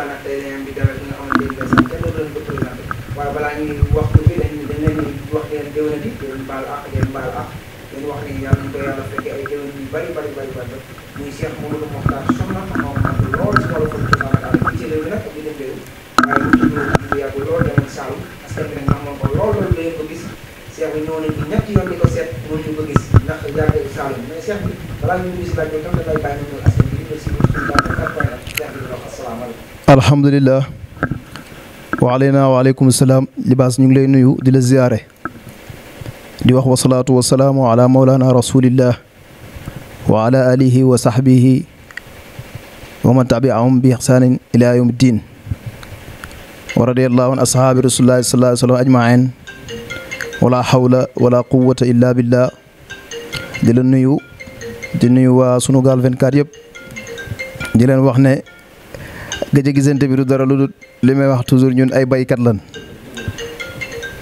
subaa nag tey dañu am di dalal nga xamante ni bii sax kenn doon ko présenté waaye balaa ñuy wax ko ci dañ dañ leen di wax leen déwénati di leen baal àq di leen baal àq di leen wax ni yàlla nañ ko yàlla fekkee ay déwén yu bari bari bari bari muy Cheikh Mouhamadou Mokhtar Sokhna moom am na lool si wàllu kër Saalum daal fii ci réew mi nag di dem réew waaye bu tudd bu yàgg lool demoon Saalum parce que dinañ amoon ko lool loolu dañu ko gis Cheikh bi ñëw nañ ci ñetti yoon di ko seet mënuñu ko gis ndax yàgg Saalum mais Cheikh bi balaa ñu gis laaj bi tam da ngay bàyyi ñu askan bi ñu ngi si ñu alhamdulilah waaleyna waaleykum salaam libaas ñu ngi lay nuyu di la ziyaare di wax wasalaatu wasalaamu ala mawlana rasulillah wa ala alihi wa sahbihi wa man tabiahum bi ihsanin ila yawm ddin wa radiallahu an ashaabi rasulillahi sallallahu alayhi wa sallam ajmain wala hawla wala quwata illa billah di la nuyu di nuyu waa Sunugal 24 yëpp di leen wax ne gëj a gisante bi du dara lu du li may wax toujours ñun ay baykat lañ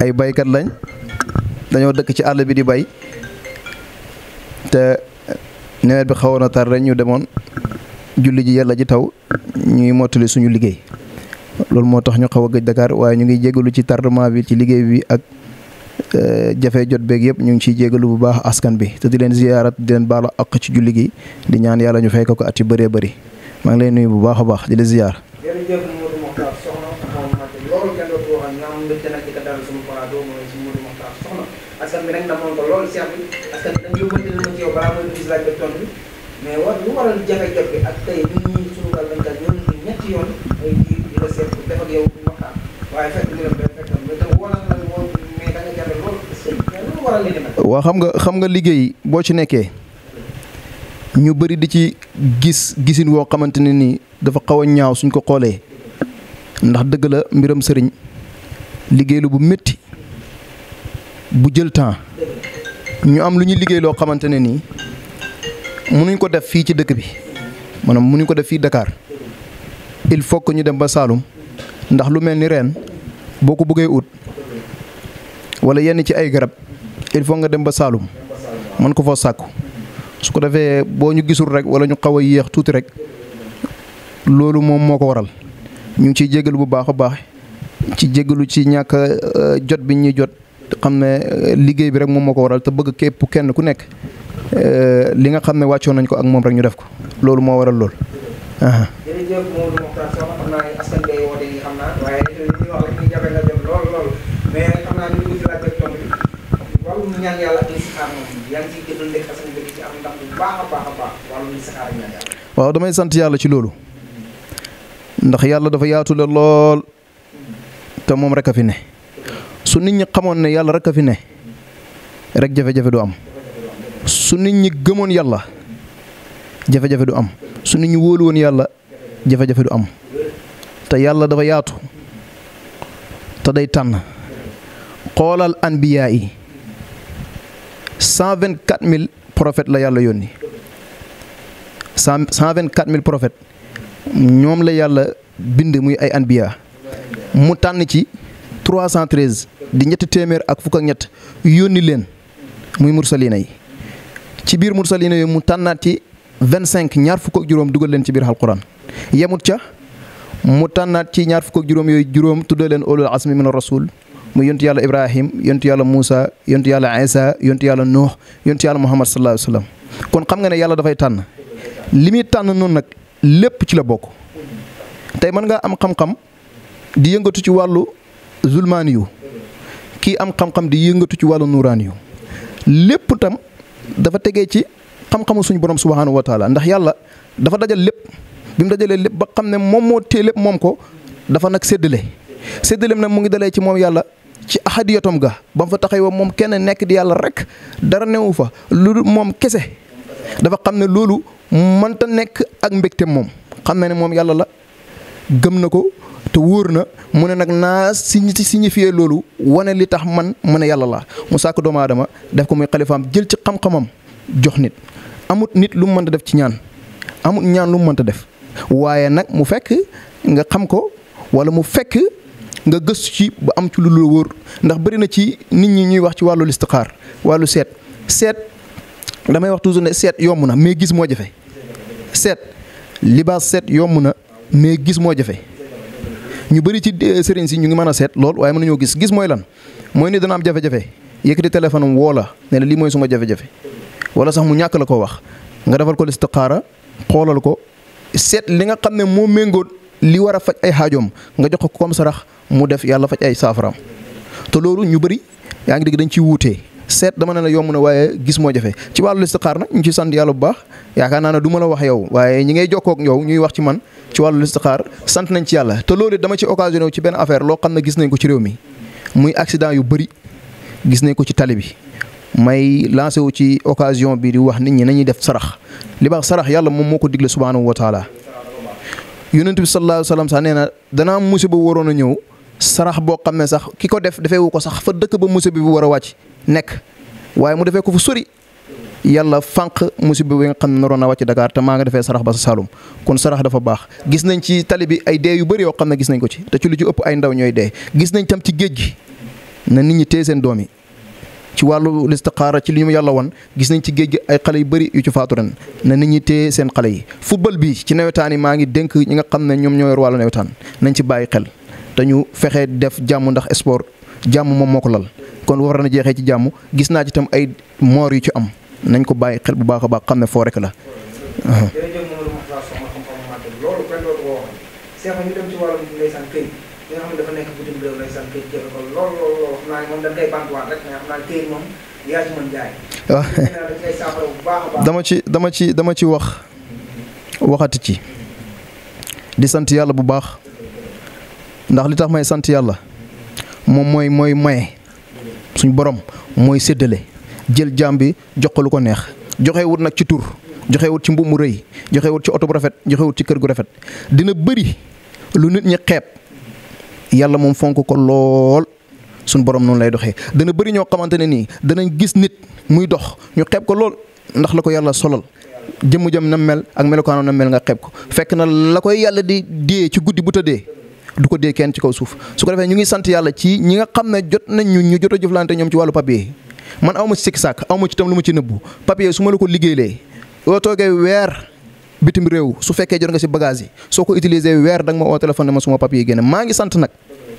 ay baykat lañ dañoo dëkk ci àll bi di bay te nawet bi xawoon a tar rek ñu demoon julli ji yàlla ji taw ñuy mottali suñu liggéey loolu moo tax ñu xaw a gëj Dakar waaye ñu ngi jégalu ci tardement bi ci liggéey bi ak e, jafe jot beeg yëpp ñu ngi ciy jégalu bu baax askan bi te di leen ziyaarat di leen baalu àq ci julli gi di ñaan yàlla ñu fay ko at yu bëree bari maa ngi lay nuyu bu baax a baax di bi nag namoon ko loolu seex bi askan bi nag yóbbante na ci yow balaa mooy war lu jafe-jafe bi waaye fekk na xam nga liggéey boo ci nekkee ñu bëri di ci gis gisin woo xamante ne nii dafa xaw a ñaaw suñ ko xoolee ndax dëgg la mbiram sëriñ liggéey lu bu métti bu jël temps ñu am lu ñuy liggéey loo xamante ne nii mënuñ ko def fii ci dëkk bi maanaam mënuñ ko def fii dakaar il faut que ñu dem ba Saalum ndax lu mel ni reen boo ko buggee ut wala yenn ci ay garab il faut nga dem ba Saalum mën ko foo sàkku su ko defee boo ñu gisul rek wala ñu xaw a yéex tuuti rek loolu moom moo ko waral ñu ngi ciy jégalu bu baax a baax ci jégalu ci ñàkk euh, jot bi ñuy jot xam ne euh, liggéey bi rek moom moo ko waral te bëgg képp kenn ku nekk euh, li nga xam ne wàccoon nañ ko ak moom rek ñu def ko loolu moo waral lool. baax waaw damay sant yàlla ci loolu ndax yàlla dafa yaatu la lool te moom rek a fi ne su nit ñi xamoon ne yàlla rek a fi ne rek jafe-jafe du am su nit ñi gëmoon yàlla jafe-jafe du am su nit ñi wóolu yàlla jafe du am te yàlla dafa yaatu te day tànn xoolal anbiyaa yi cent mille prophètes la yàlla yónni cent cent vingt quatre mille prophètes ñoom la yàlla bind muy ay anbiya mu tànn ci trois cent di ñett téeméer ak fukk ñett yónni leen muy mursalina yi ci biir mursalina yi mu tànnaat ci vingt cinq ñaar fukk juróom dugal leen ci biir alquran yemut ca mu tànnaat ci ñaar fukk ak juróom yooyu juróom tuddee leen ulul asmi min rasul mu yontu yàlla ibrahim yontu yàlla moussa yontu yàlla isa yontu yàlla nuux yontu yàlla muhammad sallallahu alayhi wasallam kon xam nga ne yàlla dafay tànn li muy tànn noonu nag lépp ci la bokk tey mën ngaa am xam-xam di yëngatu ci wàllu zulmaani yu kii am xam-xam di yëngatu ci wàllu nuuraani yu lépp tam dafa tegee ci xam-xamu suñu borom subhaanahu wa taala ndax yàlla dafa dajal lépp bi mu dajalee lépp ba xam ne moom moo téye lépp moom ko dafa nag séddale séddaleem nag mu ngi dalee ci moom yàlla ci ahadiyatam ga ba mu fa taxawoo moom kenn nekk di yàlla rek dara newu fa lu moom kese dafa xam ne loolu manta nekk ak mbégte moom xam na ne moom yàlla la gëm na ko te wóor na mu ne nag naa si si signifié loolu wane li tax man mu ne yàlla la mu sàkk doomu aadama def ko muy xalifaam jël ci xam-xamam jox nit amut nit lu mu mënta def ci ñaan amut ñaan lu mu mënta def waaye nag mu fekk nga xam ko wala mu fekk. nga gëstu ci ba am ci lu la wóor ndax bari na ci nit ñi ñuy wax ci wàllu listixaar wàllu seet seet damay wax toujours ne seet yomb na mais gis moo jafe seet libaas seet yomb na mais gis moo jafe ñu bëri ci euh, sëriñ si ñu ngi mën a seet lool waaye mën nañoo gis gis mooy lan mooy ni dana am jafe-jafe yëkkati téléphone am woo la ne la lii mooy suma jafe-jafe wala sax mu ñàkk la ko wax nga defal ko listixaara xoolal ko seet li nga xam ne moo méngoon li war a faj ay xaajoom nga jox mu def yàlla faj ay saafaram te loolu ñu bëri yaa ngi dégg dañ ciy wuutee seet dama ne la yomb na waaye gis moo jafe ci wàllu listixaar na ñu ci sant yàlla bu baax yaakaar naa ne duma la wax yow waaye ñi ngay jokkook ak yow ñuy wax ci man ci wàllu listixaar sant nañ ci yàlla te loolu dama ci occasionné wu ci benn affaire loo xam ne gis nañ ko ci réew mi muy accident yu bëri gis nañ ko ci tali bi may lancé wu ci occasion bi di wax nit ñi nañuy def sarax li baax sarax yàlla moom moo ko digle subhaanahu wa taala yonent bi sallallahu alayhi wa sallam sax nee na danaa musiba waroon a ñëw sarax boo xam ne sax ki ko def defeewu ko sax fa dëkk ba musiba bi war a wàcc nekk waaye mu defee ko fu sori yàlla fànq musiba bi nga xam ne naroon na wàcc Dakar te maa nga defee sarax ba sa Saloum kon dafa baax gis nañ ci tali bi ay dee yu bëri yoo xam ne gis nañ ko ci te ci lu ci ëpp ay ndaw ñooy gis nañ tam ci géej gi na nit ñi téye seen doom yi ci wàllu listixaara ci li ñu yàlla won gis nañ ci géej gi ay xale yu bëri yu ci faatu ren na nit ñi téye seen xale yi football bi ci nawetaan yi maa ngi dénk ñi nga xam ne ñoom ñoo yor wàllu nawetaan nañ ci bàyyi xel dañu fexe def jàmm ndax sport jàmm moom moo ko lal kon war na jeexee ci jàmm gis naa ci tam ay moor yu ci am nañ ko bàyyi xel bu baax a baax xam ne foo rek la. ci dama ci dama ci dama ci wax waxati ci di sant yàlla bu baax ndax li tax may sant yàlla moom mooy mooy maye suñ borom mooy séddale jël jaam bi jox ko neex joxe wut nag ci tur joxe ci mbubb mu rëy joxe ci oto bu rafet joxe ci kër gu rafet dina bëri lu nit ñi xeeb yàlla moom fonk ko lool suñ borom noonu lay doxee dana bëri ñoo xamante ne nii danañ gis nit muy dox ñu xeeb ko lool ndax la ko yàlla solal jëmm jëm na mel ak melokaanam na mel nga xeeb ko fekk na la koy yàlla di dee ci guddi bu tëddee du ko dee kenn ci kaw suuf su ko defee ñu ngi sant yàlla ci ñi nga xam ne jot nañ ñun ñu jot a jëflante ñoom ci wàllu papier man aw ma ci sikki sàkk aw ma ci tam lu ma ci nëbbu papier su ma la ko liggéeyee loo toogee weer bitim réew su fekkee jot nga si bagage yi soo ko utilisé weer da nga ma oo téléphone ne ma suma papier génne maa ngi sant nag.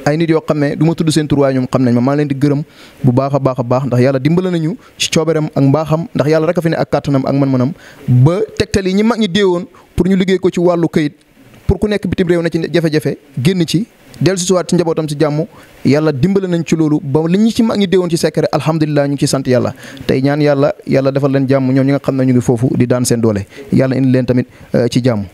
ay nit yoo xam ne du ma tudd seen tur waaye ñoom xam nañ ma maa leen di gërëm bu baax a baax a baax ndax yàlla dimbala nañu ci cooberam ak mbaaxam ndax yàlla rek a fi ak kàttanam ak man-manam ba tegtal yi ñi mag ñi déewoon pour ñu liggéey ko ci wàllu këyit pour ku nekk bitim réew na ci jafe-jafe génn ci dellu si waat ci jàmm yàlla dimbale nañ ci loolu ba li ñu ci mag ñi déewoon ci secret alhamdulilah ñu ngi ci sant yàlla tey ñaan yàlla yàlla defal leen jàmm ñoom ñi nga xam ne ngi foofu di daan seen doole yàlla indi leen tamit euh, ci jàmm.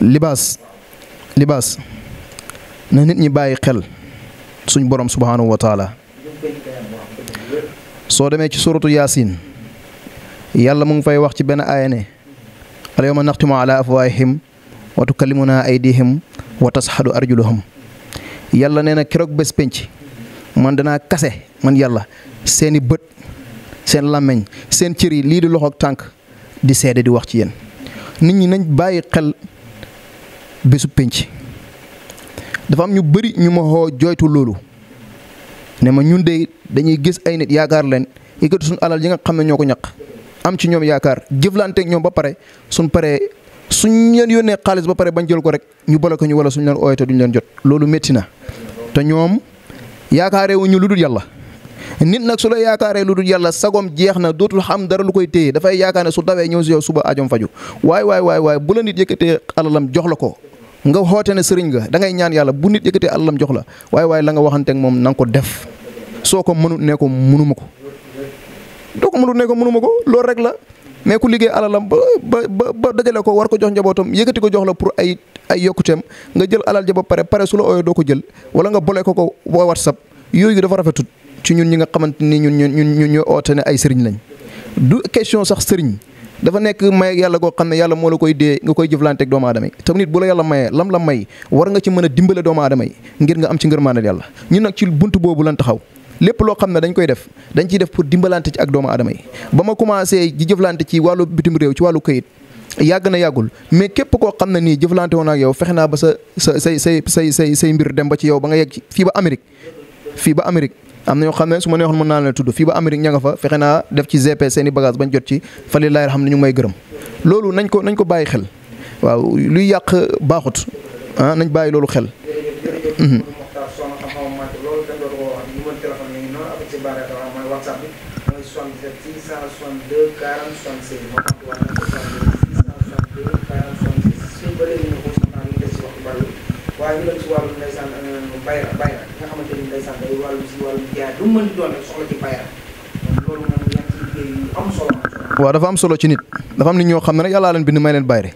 libaas libaas na nit ñi bàyyi xel. suñ borom subhaanahu wa taala soo demee ci suratu yaasin yàlla mu ngi fay wax ci benn aaya ne al yawma naxtimu ala afwaahihim wa tukallimuna aydihim wa tasxadu arjuluhum yàlla nee na keroog bés penc man dana kase man yàlla seeni bët seen làmmiñ seen cër lii di loxoog tànk di seede di wax ci yéen nit ñi nañ bàyyi xel bésu penc dafa am ñu bëri ñu ma xoo jooytu loolu ne ma ñun de dañuy gis ay nit yaakaar leen yëkkati suñu alal yi nga xam ne ñoo ko ñaq am ci ñoom yaakaar jëflanteeg ñoom ba pare suñ paree suñ leen yónnee xaalis ba pare bañ jël ko rek ñu bala ñu wala suñ leen ooyee te duñ leen jot loolu métti na te ñoom yaakaaree wu ñu lu dul yàlla. nit nag su la yaakaaree lu dul yàlla sagom jeex na dootul xam dara lu koy téye dafay yaakaar ne su dawee ñëw si yow suba ajom faju waay waay waay waay bu la nit yëkkatee jox la ko nga xoote ne sëriñ ga dangay ñaan yàlla bu nit yëkkatee àllam jox la waaye waaye la nga waxanteeg moom na ko def soo ko mënut ne ko mënuma ko doo ko mënut ne ko mënuma ko loolu rek la mais ku liggéey alalam ba ba ba dajale ko war ko jox njabootam yëkkati ko jox la pour ay ay yokkuteem nga jël alal ja ba pare pare su la ooyee doo ko jël wala nga boole ko ko boo whatsapp yooyu dafa rafetut ci ñun ñi nga xamante nii ñun ñun ñun ñoo oote ne ay sëriñ lañ du question sax sëriñ dafa nekk may yàlla koo xam ne yàlla moo la koy dee nga koy jëflante ak doomu aadama yi te nit bu la yàlla mayee lam la may war nga ci mën a dimbale doomu aadama yi ngir nga am ci ngërmaanal yàlla ñun nag ci buntu boobu lan taxaw lépp loo xam ne dañ koy def dañ ciy def pour dimbalante ci ak doomu aadama yi ba ma commencé di jëflante ci wàllu bitim réew ci wàllu këyit yàgg na yàggul mais képp koo xam ne nii jëflante woon ak yow fexe naa ba sa sa say say say say say mbir dem ba ci yow ba nga yegg fii ba Amérique fii ba Amérique am na ñoo xam ne su ma neexoon mën naa leen tudd fii ba Amérique ña fa fexe naa def ci GP seen i bañ jot ci fa li laay xam ne ñu ngi may gërëm loolu nañ ko nañ ko bàyyi xel waaw luy yàq baaxut ah nañ bàyyi loolu xel. Mhm. sax am solo dafa am solo ci nit dafa am nit ñoo xam ne rek yàllaa leen bind may leen bayre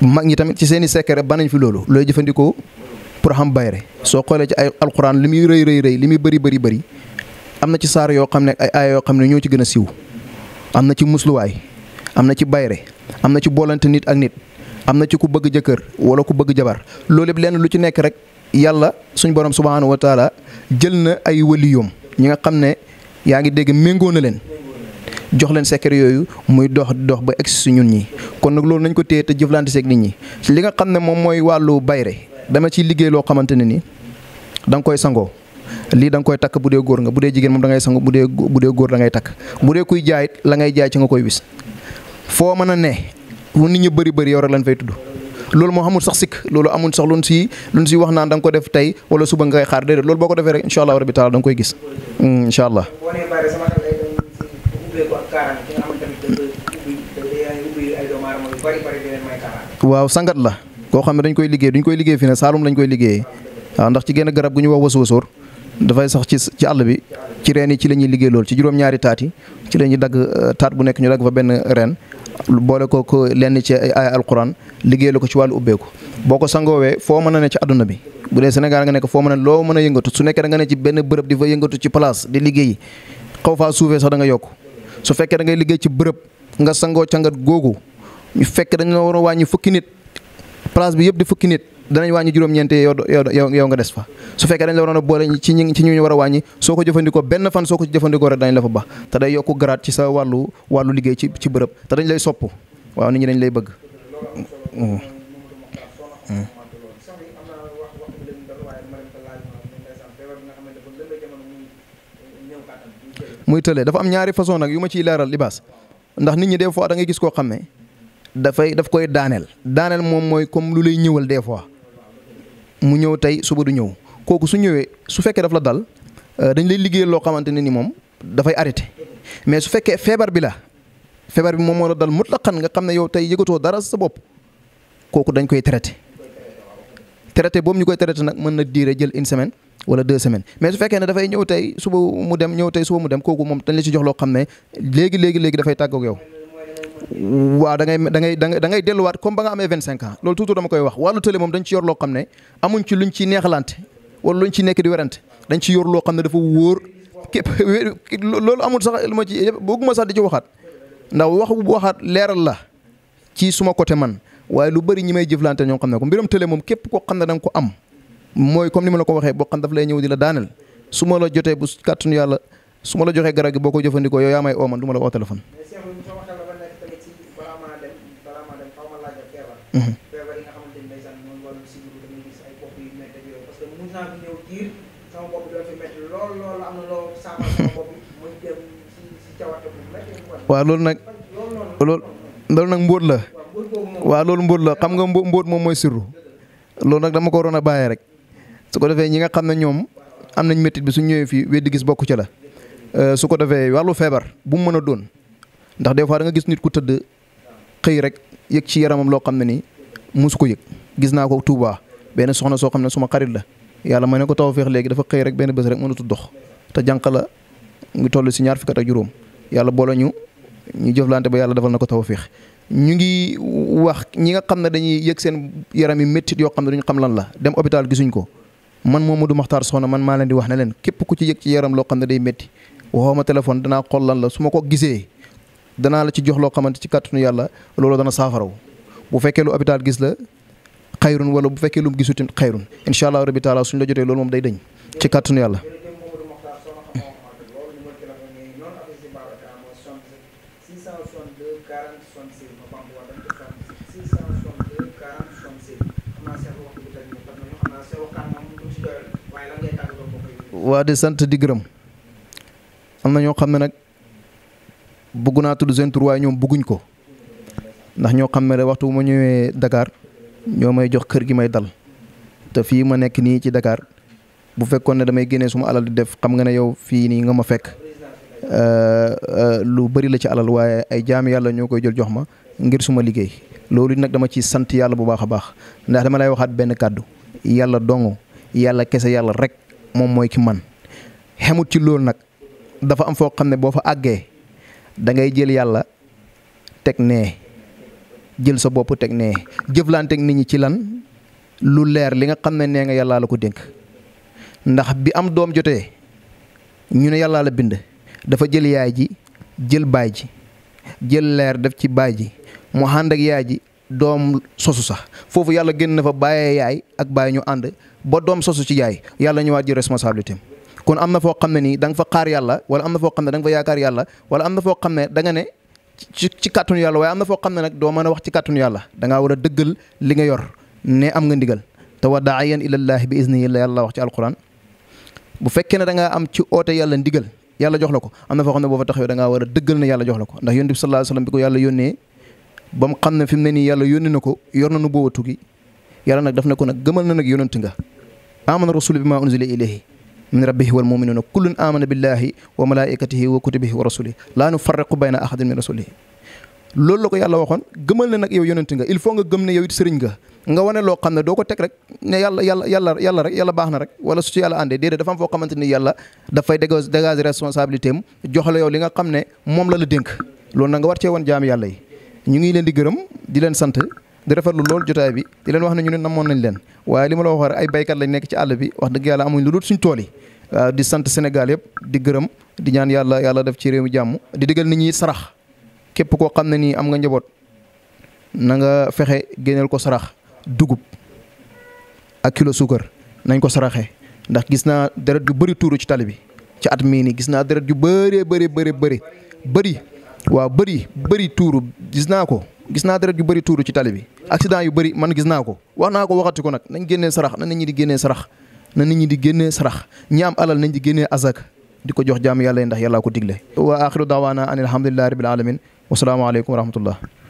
mag ñi tamit ci seen i secret banañ fi loolu looy jëfandikoo pour xam bayre soo xoolee ci ay alxuraan li muy rëy rëy rëy li muy bëri bëri bëri am na ci saar yoo xam ne ay aaya yoo xam ne ñoo ci gën a siiw am na ci musluwaay am na ci bayre am na ci boolante nit ak nit am na ci ku bëgg jëkkër wala ku bëgg jabar loolu yëpp lenn lu ci nekk rek yàlla suñu borom subhaanahu wa taala jël na ay waliyoom ñi nga xam ne yaa ngi dégg méngoo na leen jox leen secret yooyu muy dox dox ba egsi si ñun ñi kon nag loolu nañ ko téye te jëflante seeg nit ñi li nga xam ne moom mooy wàllu bayre dama ciy liggéey loo xamante ne ni da koy sangoo lii da nga koy takk bu dee góor nga bu dee jigéen moom da ngay sangu bu dee bu dee góor da ngay takk bu dee kuy jaay la ngay jaay ci nga koy wis foo mën a ne nit ñi bëri bëri yow lañ fay tudd. loolu moo xamul sax sikk loolu amul sax luñ si luñ si wax naan danga ko def tey wala suba nga koy xaar déedéet loolu boo ko defee rek incha mm, allah rabi taala da nga waaw sangat la koo xam ne dañ koy liggéey duñ koy liggéey fi ne Saalum lañ koy liggéeyee waaw ndax ci genn garab gu ñu wax wasoosoor dafay sax ci ci àll bi ci reen yi ci la liggéey lool ci juróom-ñaari taati ci la dagg euh, taat bu nekk ñu dagg fa benn reen boole ko lenn ci ay alquran liggéey la ko ci wàllu ubbeeku boo ko sangoowee foo mën a ne ci àdduna bi bu dee Sénégal nga nekk foo mën a loo mën a yëngatu su nekkee da nga ne ci benn bërëb di fa yëngatu ci place di liggéey xaw faa suufee sax da nga yokk su fekkee da ngay liggéey ci bërëb nga sangoo cangat googu ñu fekk dañ la war a wàññi fukki nit place bi yëpp di fukki nit danañ wàññi juróom-ñeent yow yow yow nga des fa su fekkee dañ la waroon a boole ci ñi ci ñu war a wàññi soo ko jëfandikoo benn fan soo ko jëfandikoo rek dañ la fa baax te day yokku garaat ci sa wàllu wàllu liggéey ci ci bërëb te dañ lay sopp waaw nit ñi dañ lay bëgg mm-hmm. Mm-hmm. muy tële dafa am ñaari façon nag yu ma ciy laaral libaas ndax nit ñi des fois da ngay gis koo xam ne dafay daf koy daaneel daaneel moom mooy comme lu lay ñëwal des fois mu ñëw tey suba du ñëw kooku su ñëwee su fekkee daf la dal euh, dañ lay liggéeyal loo xamante ne ni moom dafay arrêté mais su fekkee feebar bi la feebar bi moom moo la dal mutlaqan nga xam ne yow tey yëgatoo dara sa bopp kooku dañ koy traité. traité boobu ñu koy traité nag mën na diire jël une semaine wala deux semaines mais su fekkee ne dafay ñëw tey suba mu dem ñëw tey suba mu dem kooku moom dañ la ci jox loo xam ne léegi léegi léegi dafay tàggoog yow. waaw da ngay da ngay da ngay delluwaat comme ba nga amee vingt cinq ans loolu toujours dama koy wax wàllu télé moom dañ ci yor loo xam ne amuñ ci luñ ci neexalante wala luñ ci nekk di werante dañ ci yor loo xam ne dafa wóor képp loolu amul sax lu ma ci bëgguma sax di ci waxaat ndax wax waxaat leeral la ci suma côté man waaye lu bëri ñi may jëflante ñoo xam ne ko mbiram télé moom képp koo xam ne da ko am mooy la ko waxee boo xam daf lay ñëw di la daaneel su ma la jotee bu kàttanu yàlla su ma la joxee garab gi boo ko jëfandikoo yow yaa may oo man du ma la woo téléphone Mm-hmm. feebar yi loolu nag loolu loolu nag mbóot la waa loolu mbóot la xam nga mbóot moom mooy sirru loolu nag dama ko waroon a bàyyee rek su ko defee ñi nga xam ne ñoom am nañ métit bi su ñëwee fii weddi gis bokku ci la euh, su ko defee wàllu feebar bu mu mën a doon ndax des fois da gis nit ku tëdd xëy rek yëg ci yaramam loo xam ne nii musu ko yëg gis naa ko Touba benn soxna soo xam ne suma xarit la yàlla may ne ko feex léegi dafa xëy rek benn bés rek mënatu dox te jànq la ngi toll si ñaar fukki at juróom yàlla boole ñu ñu jëflante ba yàlla defal na ko feex ñu ngi wax ñi nga xam ne dañuy yëg seen yaram yi méttit yoo xam ne duñu xam lan la dem hôpital gisuñ ko man moom Momadou Makhtar Soxna man maa leen di wax ne leen képp ku ci yëg ci yaram loo xam ne day métti waxoo ma téléphone danaa xool lan la su ma ko gisee danaa la ci jox loo xamante ci kàttanu yàlla loolu dana saafaraw bu fekkee lu hôpital gis la xayrun wala bu fekkee lu mu gisu tamit xayrun incha allah rabi suñu la jotee loolu moom day dañ ci kàttanu yàlla. waa di sant di gërëm am na ñoo xam ne nag bëgg naa tudd seen tur waaye ñoom bëgguñ ko ndax ñoo xam ne rek waxtu bu ma ñëwee dakaar ñoo may jox kër gi may dal te fii ma nekk nii ci dakaar bu fekkoon ne damay génnee suma alal di def xam nga ne yow fii nii nga ma fekk euh, euh, lu bari la ci alal waaye ay jaam yàlla ñoo koy jël jox ma ngir suma liggéey loolu nag dama ci sant yàlla bu baax a baax ndax dama lay waxaat benn kàddu yàlla dong yàlla kese yàlla rek moom mooy ki man xemut ci loolu nag dafa am foo xam ne boo fa àggee da ngay jël yàlla teg nee jël sa bopp teg nee jëflanteeg nit ñi ci lan lu leer li nga xam ne nee nga yàlla la ko dénk ndax bi am doom jotee ñu ne yàllaa la bind dafa jël yaay ji jël baay ji jël leer def ci baay ji mu ànd ak yaay ji doom sosu sax foofu yàlla génn na fa bàyyee yaay ak bàyyi ñu ànd ba doom sosu ci yaay yàlla ñëwaat ji responsabilité am kon am na foo xam ne nii da fa xaar yàlla wala am na foo xam ne da nga fa yaakaar yàlla wala am na foo xam ne da nga ne ci ci kàttanu yàlla waaye am na foo xam ne nag doo mën a wax ci kàttanu yàlla da a dëggal li nga yor ne am nga ndigal te wa daayan ilallaahi bi isnihi la yàlla wax ci alquran bu fekkee ne da ngaa am ci oote yàlla ndigal yàlla jox la ko am na foo xam ne boo fa taxawee da ngaa war dëggal ne yàlla jox la ko ndax yonent bi sallallaahu alayhi bi ko yàlla yónnee ba mu xam ne fi mu ne nii yàlla yónni na ko yor na nu boobu tukki yàlla nag daf ne ko nag gëmal na nag yonent nga amana rasulu bi ma unzila ilayhi min rabbihi wal muminuuna kullun amana billahi wa malaikatihi wa kutubihi wa rasulihi laa nufarriqu bayna ahadin min rasulihi loolu la ko yàlla waxoon gëmal na nag yow yonent nga il faut nga gëm ne yow it sëriñ nga nga wane loo xam ne doo ko teg rek ne yàlla yàlla yàlla yàlla rek yàlla baax na rek wala su ci yàlla àndee déedéet dafa am foo xamante ni yàlla dafay dégager responsabilité am jox la yow li nga xam ne moom la la dénk loolu nag nga war cee woon jaam yàlla yi ñu ngi leen di gërëm di leen sant di rafetlu loolu jotaay bi di leen wax nañu ñu ne namoon nañ leen waaye li ma la ay baykat lañ nekk ci àll bi wax dëgg yàlla amuñ lu dul suñ tool waaw di sant Sénégal yëpp di gërëm di ñaan yàlla yàlla def ci réew jàmm di digal nit ñi sarax képp koo xam ne nii am nga njaboot na nga fexe génneel ko sarax dugub ak kilo suukar nañ ko saraxe ndax gis naa deret yu bari tuuru ci tali bi ci at mii nii gis naa deret yu bëree bëri bëri bëri bari waaw bëri bëri tuuru gis naa ko gis naa deret yu bëri tuuru ci tali bi accident yu bari man gis naa ko wax naa ko waxati ko nag nañ génnee sarax na nit ñi di génnee sarax na ñi di génnee sarax ñi alal nañ di génnee azak di ko jox jaam yàlla yi ndax yàllaa ko digle wa axiru daawaana an alhamdulillahi rabbil alamin wasalaamu aleykum wa